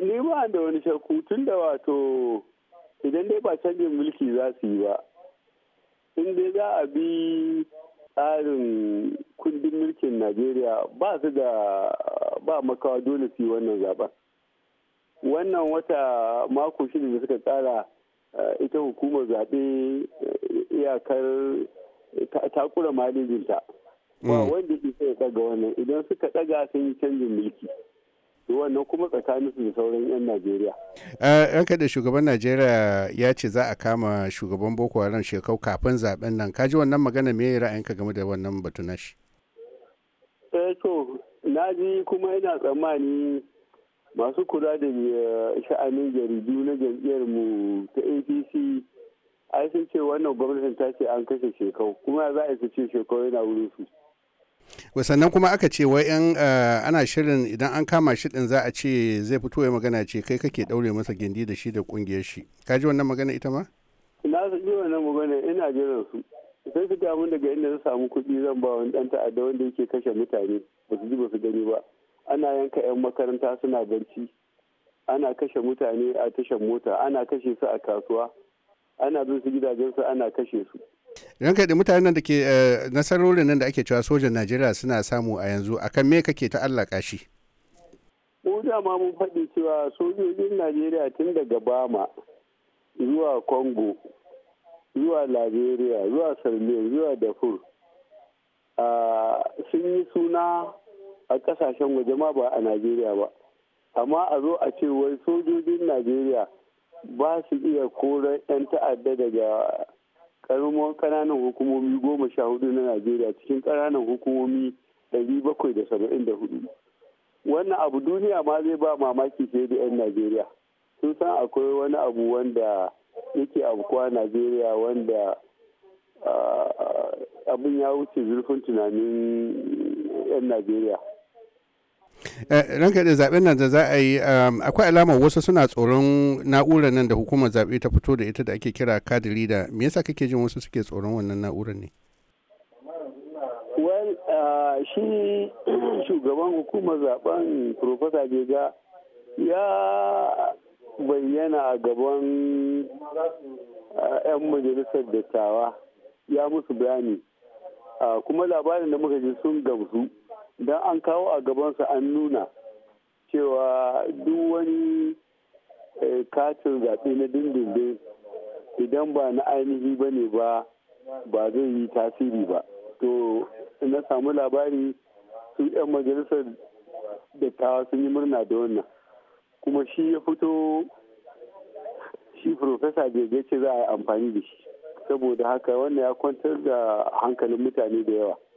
ni ba da wani shakku tun da wato idan dai ba canjin mulki za su yi ba in dai za a bi tsarin kundin mulkin najeriya ba su da ba makawa dole su yi wannan zaben wannan wata mako shida da suka tsara eh, ita hukumar zaɓe eh, iyakar takura malejinta ba mm. wanda ke sai ɗaga wannan idan suka ɗaga sun yi canjin mulki wannan kuma tsakanin su da sauran 'yan najeriya yan eh, da shugaban najeriya ya ce za a kama shugaban boko haram shekau kafin zaɓen nan kaji wannan magana me ra'ayinka game da wannan batu na shi eh, to na ji kuma ina tsammani masu kula da eh, sha'anin jaridu na jam'iyyar mu ta apc ai sun ce wannan gwamnatin ta ce an kashe shekau kuma za a ce shekau yana wurin su sannan kuma aka ce wai yan eh, ana shirin idan an kama shi din za a ce zai fito ya magana ce kai kake daure masa gindi da shi da kungiyar shi ka ji wannan magana ita ma na ji wannan magana ina jiran su sai su daga inda su samu kuɗi zan ba wani ɗan ta'adda wanda yake kashe mutane ba su ji ba su gani ba ana yanka 'yan makaranta suna barci ana kashe mutane a tashar mota ana kashe su a kasuwa ana bin su gidajensu ana kashe su Idan kaɗi mutanen da ke eh, nasarorin nan da ake cewa sojan Najeriya suna samu a yanzu akan me kake ta allaka shi? Mu ma mun faɗi cewa sojojin Najeriya tun daga Bama zuwa Congo zuwa Liberia zuwa Sarmiyar zuwa dafur sun yi suna a ƙasashen waje ma ba a Najeriya ba. Amma a zo a ce wai sojojin Najeriya ba su iya koran 'yan ta'adda daga karamin kananan hukumomi goma sha hudu na najeriya cikin kananan hukumomi dari bakwai da saba'in da hudu wannan abu duniya ma zai ba mamaki fiye da 'yan najeriya sun san akwai wani abu wanda yake abkuwa najeriya wanda ah, ah, abin ya wuce zurfin tunanin 'yan najeriya Eh, ranka da zaben nan da za a yi um, akwai alamar wasu suna tsoron na'urar nan da hukumar zaɓe ta fito da ita da ake kira kadiri da me yasa kake jin wasu suke tsoron wannan na'urar ne well uh, shi shugaban hukumar zaben profesa jega ya bayyana a gaban 'yan uh, majalisar dattawa ya musu bayani uh, kuma labarin da muka ji sun gamsu don an kawo a gabansa an nuna cewa duk wani eh, katin zaɓe na dindindin idan ba na ainihi ba ne ba ba zai yi tasiri ba to na samu labari su 'yan majalisar dattawa sun yi murna da wannan kuma shi ya fito shi profesa bai ce za a yi amfani da shi saboda haka wannan ya kwantar da hankalin mutane da yawa